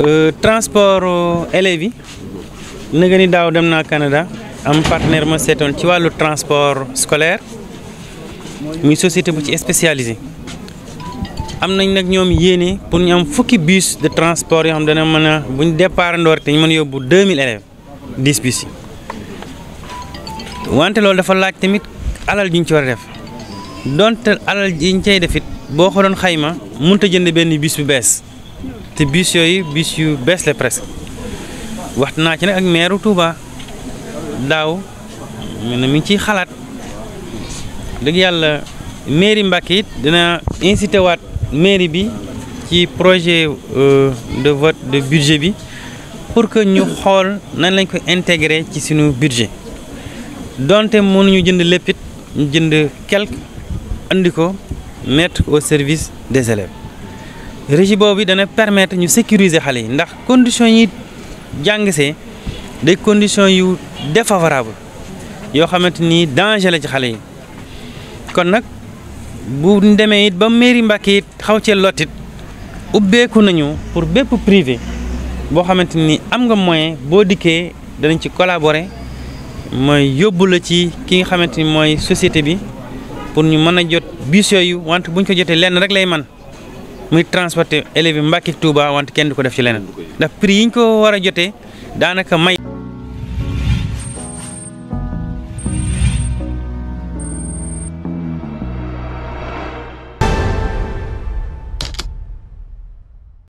Euh, transport euh, élèves yi na ni daaw dem naa Canada am partenaire ma seetoon ci wàllu transport scolaire muy société bu ci spécialisé am nañ nag ñoom yéene pour ñu am fukki bus de transport yoo xam dana mën a bu ñu départ ndoor te ñu mën a yóbbu 2000 élèves 10 bus wante loolu dafa laaj tamit alal ji ñu ci war a def donte alal ji ñu cay def it boo ko doon xayma mënut a jënd benn bus bu bees. te bus yooyu bus yu bees la presque waxtu naa ci nag ak meeru Touba daaw mu na mi ngi ciy xalaat dëgg yàlla mairie Mbacké it dina incité waat mairie bi ci projet euh, de vote de budget bi pour que ñu xool nan lañ ko intégrer ci suñu budget donte mënuñu jënd léppit ñu jënd quelque andi ko mettre au service des élèves régie boobu dana permettre ñu sécuriser xale yi ndax conditions yi jàng see day conditions yu défavorable yoo xamante nii danger la ci xale yi kon nag bu demee it ba mairie Mbacke xaw cee lottit ubbeeku nañu pour bépp privé boo xamante ni am nga moyen boo dikkee danañ ci collaborer mooy yóbbu la ci ki nga xamante ni mooy société bi pour ñu mën a jot bus yooyu wante buñ ko jotee lenn rek lay man muy transporter élèves yi Mbàkke Touba wante kenn du ko def ci leneen ndax prix yi ñu ko war a jotee daanaka may